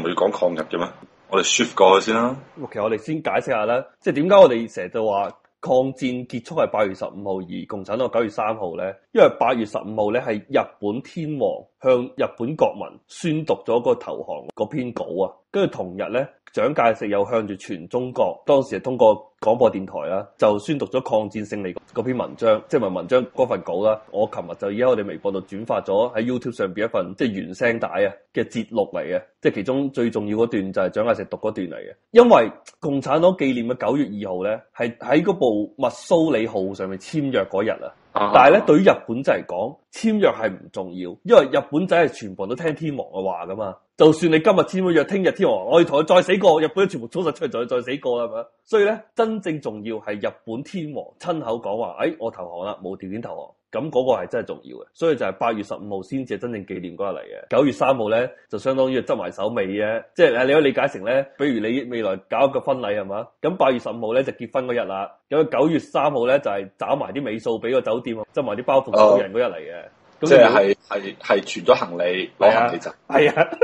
唔係要講抗日嘅咩？我哋 shift 過去先啦。OK，我哋先解釋下咧，即係點解我哋成日就話抗戰結束係八月十五號，而共產黨九月三號咧，因為八月十五號咧係日本天皇。向日本國民宣讀咗個投降嗰篇稿啊，跟住同日咧，蔣介石又向住全中國，當時係通過廣播電台啦，就宣讀咗抗戰勝利嗰篇文章，即係文文章嗰份稿啦。我琴日就喺我哋微博度轉發咗喺 YouTube 上邊一份即係、就是、原聲帶啊嘅節錄嚟嘅，即係其中最重要嗰段就係蔣介石讀嗰段嚟嘅，因為共產黨紀念嘅九月二號咧，係喺嗰部密蘇里號上面簽約嗰日啊。但係咧，對於日本仔嚟講，簽約係唔重要，因為日本仔係全部都聽天皇嘅話㗎嘛。就算你今日簽個約，聽日天皇，我要同佢再死過，日本人全部衝曬出嚟，再再死過啦咁樣。所以咧，真正重要係日本天皇親口講話：誒，我投降啦，無條件投降。咁嗰個係真係重要嘅，所以就係八月十五號先至係真正紀念嗰日嚟嘅。九月三號咧，就相當於執埋手尾嘅，即、就、係、是、你可以理解成咧，比如你未來搞一個婚禮係嘛，咁八月十五號咧就結婚嗰日啦，咁九月三號咧就係、是、找埋啲尾數俾個酒店啊，執埋啲包袱走人嗰日嚟嘅，咁即係係係存咗行李攞行李走，係是啊。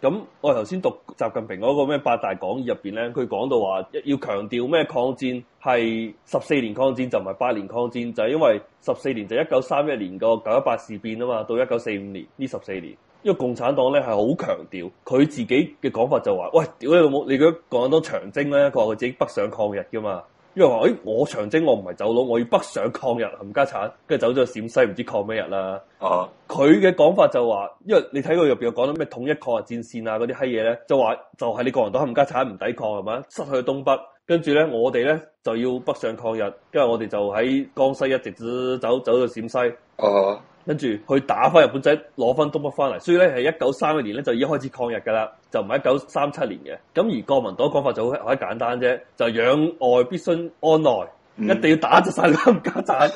咁我頭先讀習近平嗰個咩八大講義入邊咧，佢講到話要強調咩抗戰係十四年抗戰，就唔係八年抗戰，就係因為十四年就一九三一年個九一八事變啊嘛，到一九四五年呢十四年，因為共產黨咧係好強調佢自己嘅講法就話，喂，屌你老母，你而家講緊長征咧，佢話佢自己北上抗日噶嘛。因為誒、哎，我長征我唔係走佬，我要北上抗日，冚家鏟，跟住走咗陝西，唔知抗咩日啦。哦、啊，佢嘅講法就話，因為你睇佢入邊又講到咩統一抗日戰線啊，嗰啲閪嘢咧，就話就係、是、你國民黨打冚家鏟唔抵抗係咪失去東北，跟住咧我哋咧就要北上抗日，跟住我哋就喺江西一直走走到陝西。哦、啊，跟住去打翻日本仔，攞翻東北翻嚟，所以咧係一九三一年咧就已經開始抗日噶啦。就唔係一九三七年嘅，咁而國民黨講法就好，好簡單啫，就攘、是、外必先安內，嗯、一定要打就晒冚家產。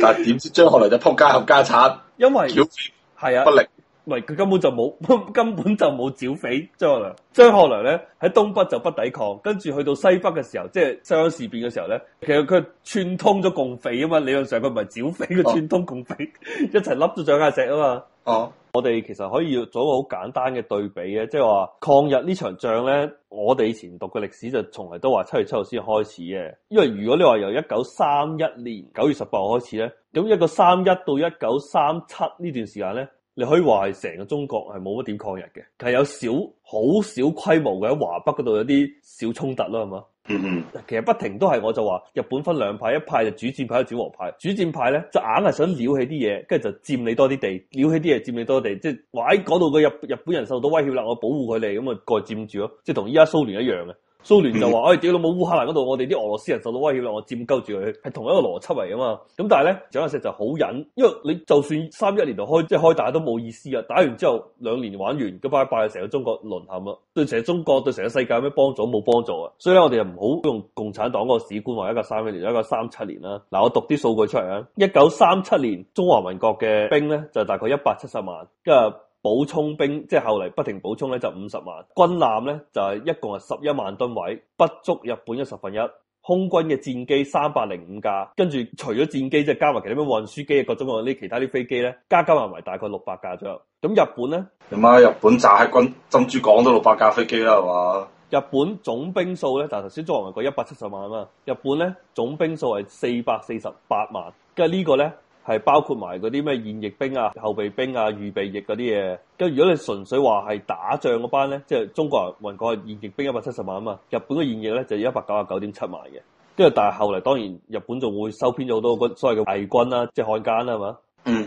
但係點知張學良就撲街冚家產，因為係啊不力，唔係佢根本就冇，根本就冇剿匪。張學良，張學良咧喺東北就不抵抗，跟住去到西北嘅時候，即係西安事變嘅時候咧，其實佢串通咗共匪啊嘛，理論上，佢唔係剿匪，佢串通共匪、啊、 一齊笠咗蔣介石啊嘛。哦、啊。 我哋其實可以做一個好簡單嘅對比嘅，即係話抗日呢場仗咧，我哋以前讀嘅歷史就從嚟都話七月七號先開始嘅，因為如果你話由一九三一年九月十八號開始咧，咁一九三一到一九三七呢段時間咧。你可以話係成個中國係冇乜點抗日嘅，其實有少好少規模嘅喺華北嗰度有啲小衝突咯，係嘛？嗯嗯， 其實不停都係我就話日本分兩派，一派就主戰派，一主和派。主戰派咧就硬係想撩起啲嘢，跟住就佔你多啲地，撩起啲嘢佔你多啲地，即係話喺嗰度個日日本人受到威脅啦，我保護佢哋咁啊過佔住咯，即係同依家蘇聯一樣嘅。蘇聯就話：，哎，屌老母，烏克蘭嗰度，我哋啲俄羅斯人受到威脅啦，我佔鳩住佢，係同一個邏輯嚟啊嘛。咁但係咧蔣介石就好忍，因為你就算三一年度開，即係開打都冇意思啊。打完之後兩年玩完，咁快拜拜，成個中國淪陷啦。對成個中國，對成個世界有咩幫助？冇幫助啊。所以咧，我哋又唔好用共產黨嗰個史觀話一個三一年，一個三七年啦。嗱，我讀啲數據出嚟啊，一九三七年中華民國嘅兵咧就大概一百七十萬嘅。補充兵即係後嚟不停補充咧，就五十萬。軍艦咧就係一共係十一萬噸位，不足日本嘅十分一。空軍嘅戰機三百零五架，跟住除咗戰機即係加埋其他運輸機各種嘅呢其他啲飛機咧，加加埋埋大概六百架左右。咁日本咧，媽日本就喺軍珍珠港都六百架飛機啦，係嘛？日本總兵數咧就頭先再話過一百七十萬啊嘛。日本咧總兵數係四百四十八萬，跟住呢個咧。係包括埋嗰啲咩現役兵啊、後備兵啊、預備役嗰啲嘢。咁如果你純粹話係打仗嗰班咧，即係中國人民國講現役兵一百七十萬啊嘛。日本嘅現役咧就一百九十九點七萬嘅。跟住，但係後嚟當然日本仲會收編咗好多嗰所謂嘅偽軍啦、啊，即係漢奸啦、啊，係嘛？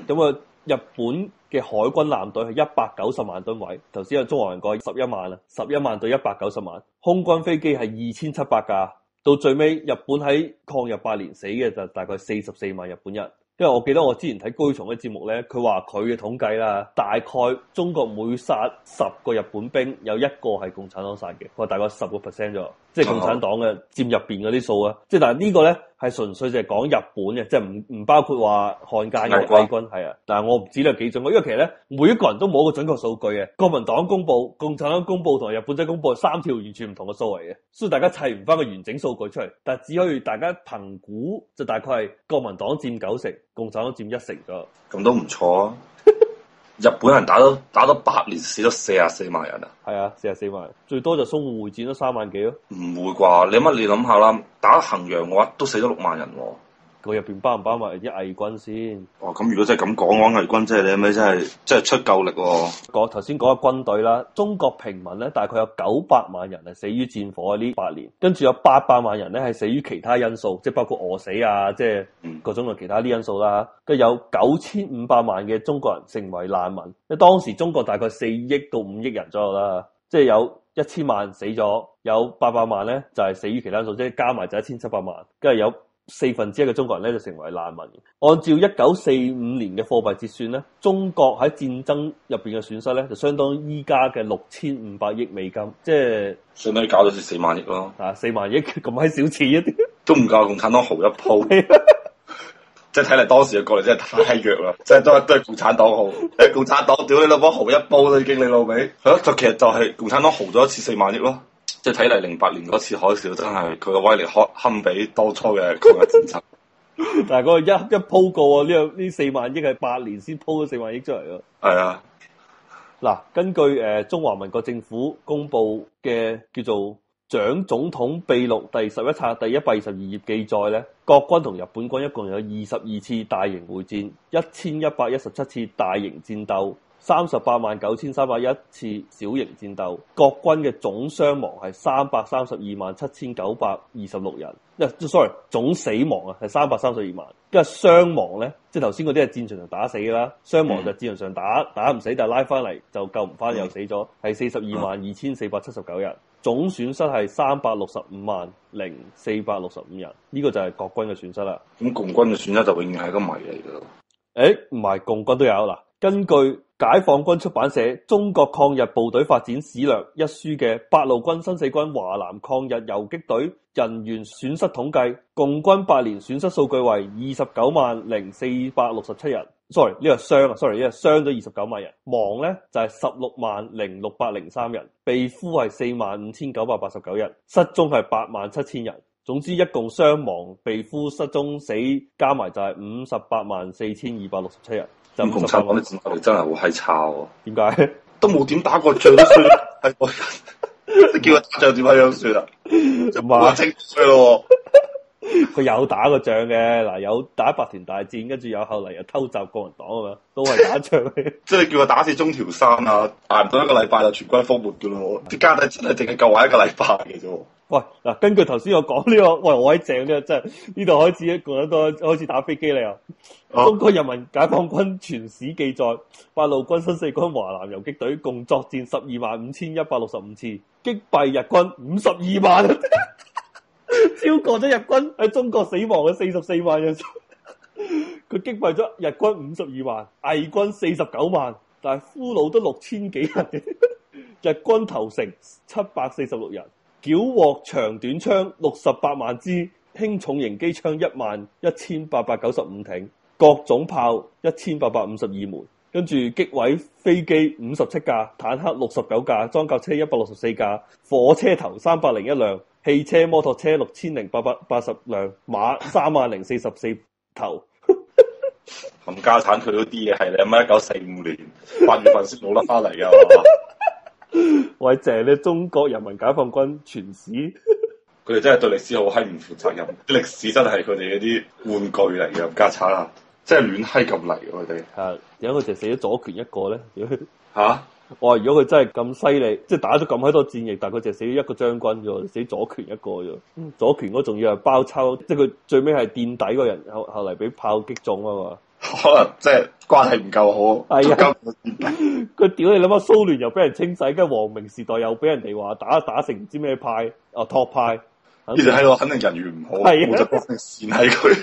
咁啊、嗯，日本嘅海軍艦隊係一百九十萬噸位。頭先啊，中國人講十一萬啊，十一萬到一百九十萬。空軍飛機係二千七百架。到最尾，日本喺抗日八年死嘅就大概四十四萬日本人。因為我記得我之前睇高曉松嘅節目呢，佢話佢嘅統計啦，大概中國每殺十個日本兵有一個係共產黨殺嘅，佢話大概十個 percent 左右。即係共產黨嘅佔入邊嗰啲數啊，即係、嗯、但係呢個咧係純粹就係講日本嘅，即係唔唔包括話漢奸嘅偽軍係啊。但係我唔知呢個幾準，因為其實咧每一個人都冇一個準確數據嘅。國民黨公布、共產黨公布同日本仔公布係三條完全唔同嘅數嚟嘅，所以大家砌唔翻個完整數據出嚟，但係只可以大家憑估就大概係國民黨佔九成，共產黨佔一成咗。咁都唔錯啊！日本人打咗打咗八年，死咗四十四萬人啊！係啊，四十四萬人，最多就淞滬會戰都三萬幾咯。唔會啩？你乜你諗下啦？打衡陽嘅話都死咗六萬人喎。佢入邊包唔包埋啲偽軍先？哦，咁如果真係咁講，講偽軍即、就、係、是、你是是真，咪真係真係出夠力喎、哦！講頭先講嘅軍隊啦，中國平民咧大概有九百萬人係死於戰火呢八年，跟住有八百萬人咧係死於其他因素，即係包括餓死啊，即係各種嘅其他啲因素啦。跟住、嗯、有九千五百萬嘅中國人成為難民，即係當時中國大概四億到五億人左右啦。即係有一千萬死咗，有八百萬咧就係死於其他因素，即係加埋就一千七百萬，跟住有。四分之一嘅中國人咧就成為難民。按照一九四五年嘅貨幣折算咧，中國喺戰爭入邊嘅損失咧就相當於依家嘅六千五百億美金，即係最屘搞到四萬億咯。啊，四萬億咁閪少錢一啲，都唔夠共產黨豪一鋪。即係睇嚟當時嘅國力真係太弱啦，即係都係都係共產黨豪， 共產黨屌你老母豪一鋪都已經，你老味。嚇，就其實就係共產黨豪咗一次四萬億咯。即係睇嚟，零八年嗰次海嘯真係佢嘅威力堪堪比當初嘅抗日戰爭。但係 個一一鋪過啊，呢個呢四萬億係八年先鋪咗四萬億出嚟咯。係 啊，嗱，根據誒、呃、中華民國政府公布嘅叫做《蔣總統秘錄》第十一冊第一百二十二頁記載咧，國軍同日本軍一共有二十二次大型會戰，一千一百一十七次大型戰鬥。三十八萬九千三百一次小型戰鬥，國軍嘅總傷亡係三百三十二萬七千九百二十六人。因為 sorry，總死亡啊係三百三十二萬，因為傷亡咧，即係頭先嗰啲係戰場上打死嘅啦，傷亡就戰場上打打唔死就拉翻嚟，就救唔翻又死咗，係四十二萬二千四百七十九人，總損失係三百六十五萬零四百六十五人。呢、這個就係國軍嘅損失啦。咁共軍嘅損失就永遠係一個謎嚟嘅。誒、欸，唔係共軍都有嗱。根據解放軍出版社《中國抗日部隊發展史略》一書嘅八路軍、新四軍華南抗日游擊隊人員損失統計，共軍八年損失數據為二十九萬零四百六十七人。sorry，呢個傷啊，sorry，呢個傷咗二十九萬人。亡呢就係十六萬零六百零三人，被俘係四萬五千九百八十九人，失蹤係八萬七千人。總之一共傷亡、被俘、失蹤、死加埋就係五十八萬四千二百六十七人。咁共產黨啲戰鬥力真係好閪差喎！點解都冇點打過仗都 打仗？算？係叫我打仗點解樣算啊？冇清衰咯！佢 有打過仗嘅嗱，有打百團大戰，跟住有後嚟又偷襲國民黨啊嘛，都係打仗。即係 叫佢打死中條山啊，挨唔到一個禮拜就全軍覆沒噶咯。啲家底真係淨係夠玩一個禮拜嘅啫。喂嗱、哎，根據頭先我講呢個，喂、哎、我喺正呢，真係呢度開始一個人都開始打飛機嚟啊！中國人民解放軍全史記載，八路軍、新四軍華游擊隊、華南遊擊隊共作戰十二萬五千一百六十五次，擊敗日軍五十二萬， 超過咗日軍喺中國死亡嘅四十四萬人數。佢 擊敗咗日軍五十二萬，偽軍四十九萬，但係俘虜都六千幾人， 日軍投誠七百四十六人。繳獲長短槍六十八萬支，輕重型機槍一萬一千八百九十五挺，各種炮一千八百五十二門，跟住擊毀飛機五十七架，坦克六十九架，裝甲車一百六十四架，火車頭三百零一輛，汽車摩托車六千零八百八十輛，馬三萬零四十四頭。冚家產佢都啲嘢係你阿一九四五年八月份先攞得翻嚟嘅。 為謝咧，中國人民解放軍全史，佢哋真係對歷史好閪唔負責任，歷 史真係佢哋一啲玩具嚟，又夾炒啦，真係亂閪咁嚟，佢哋。吓，點解佢淨死咗左權一個咧？吓、 啊，我話如果佢真係咁犀利，即係打咗咁閪多戰役，但係佢淨死咗一個將軍啫，死咗左權一個啫，左權嗰仲要係包抄，即係佢最尾係墊底個人，後後嚟俾炮擊中啊。 可能即係關係唔夠好，係啊的，佢屌 你諗下，蘇聯又俾人清洗，跟住王明時代又俾人哋話打打成唔知咩派，啊托派，其實喺度肯定人緣唔好，我就決定跣喺佢。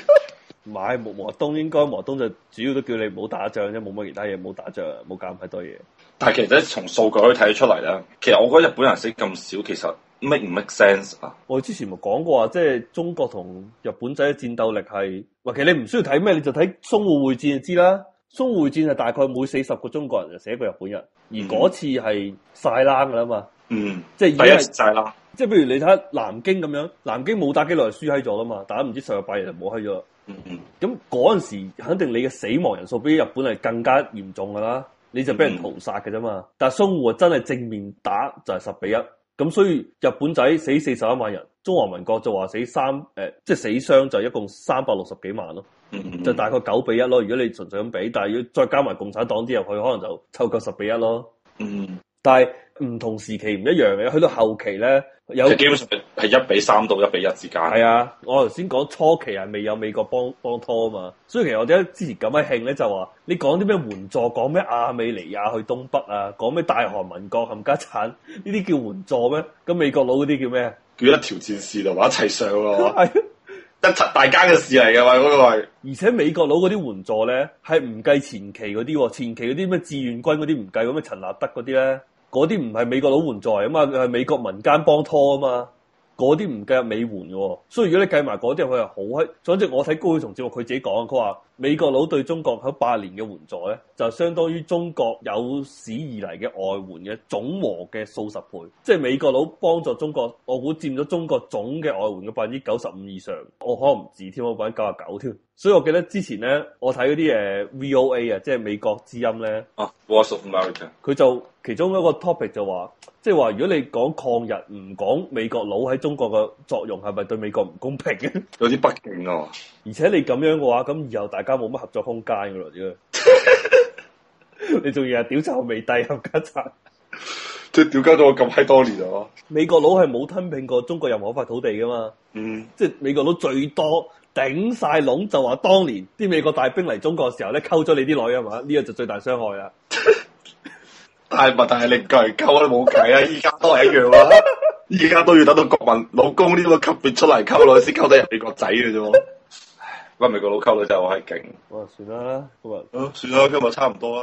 買毛阿東應該毛阿東就主要都叫你唔好打仗啫，冇乜其他嘢，冇打仗，冇搞咁太多嘢。但係其實從數據可以睇得出嚟啦。其實我覺得日本人死咁少，其實 make 唔 make sense 啊？我之前咪講過話，即係中國同日本仔嘅戰鬥力係，其實你唔需要睇咩，你就睇淞滬會戰就知啦。淞滬會戰就大概每四十個中國人就死一個日本人，而嗰次係晒冷噶啦嘛。嗯，即係第一就係啦，嗯、即係譬如你睇下南京咁樣，南京冇打幾耐就輸喺咗啦嘛，但係唔知十日八日就冇喺咗。嗯嗯，咁嗰陣時肯定你嘅死亡人數比日本係更加嚴重噶啦，你就俾人屠殺嘅啫嘛。嗯、但係淞滬真係正面打就係十比一，咁所以日本仔死四十一萬人，中華民國就話死三誒、呃，即係死傷就一共三百六十幾萬咯。嗯嗯、就大概九比一咯。如果你純粹噉比，但係要再加埋共產黨啲入去，可能就湊夠十比一咯。嗯，但係。唔同時期唔一樣嘅，去到後期咧，有基本上係一比三到一比一之間。係啊，我頭先講初期係、啊、未有美國幫幫拖啊嘛，所以其實我哋之前咁閪興咧就話，你講啲咩援助，講咩亞美尼亞去東北啊，講咩大韓民國冚家鏟，呢啲叫援助咩？咁美國佬嗰啲叫咩？叫一條戰線度一齊上啊！ 得齊大家嘅事嚟嘅嘛嗰個 而且美國佬嗰啲援助咧係唔計前期嗰啲喎，前期嗰啲咩志願軍嗰啲唔計，咁咩陳立德嗰啲咧。嗰啲唔係美國佬援助啊嘛，係美國民間幫拖啊嘛，嗰啲唔計入美援喎、哦，所以如果你計埋嗰啲，佢係好閪。總之我睇高曉松節目，佢自己講，佢話。美國佬對中國喺八年嘅援助咧，就相當於中國有史以嚟嘅外援嘅總和嘅數十倍，即係美國佬幫助中國，我估佔咗中國總嘅外援嘅百分之九十五以上，我可能唔止添，我百分之九十九添。所以我記得之前咧，我睇嗰啲誒 VOA 啊，即係美國之音咧，啊佢、uh, 就其中一個 topic 就話，即係話如果你講抗日唔講美國佬喺中國嘅作用，係咪對美國唔公平？ 有啲不敬啊、哦！而且你咁樣嘅話，咁以後大家冇乜合作空間噶咯。 你仲要係屌咒未帝啊？嘉澤即係屌交咗我咁閪多年啊！美國佬係冇吞併過中國人合法土地噶嘛？嗯，即係美國佬最多頂晒籠就話當年啲美國大兵嚟中國嘅時候咧，溝咗你啲女啊嘛？呢個就最大傷害啦。 但係問題係你過嚟溝都冇計啊！依家都係一樣啦、啊，依家都要等到國民老公呢啲咁嘅級別出嚟溝女先溝得入美國仔嘅啫。喂，美國佬溝女真係好勁。我話算啦，今日。嗯，算啦，今日差唔多啦。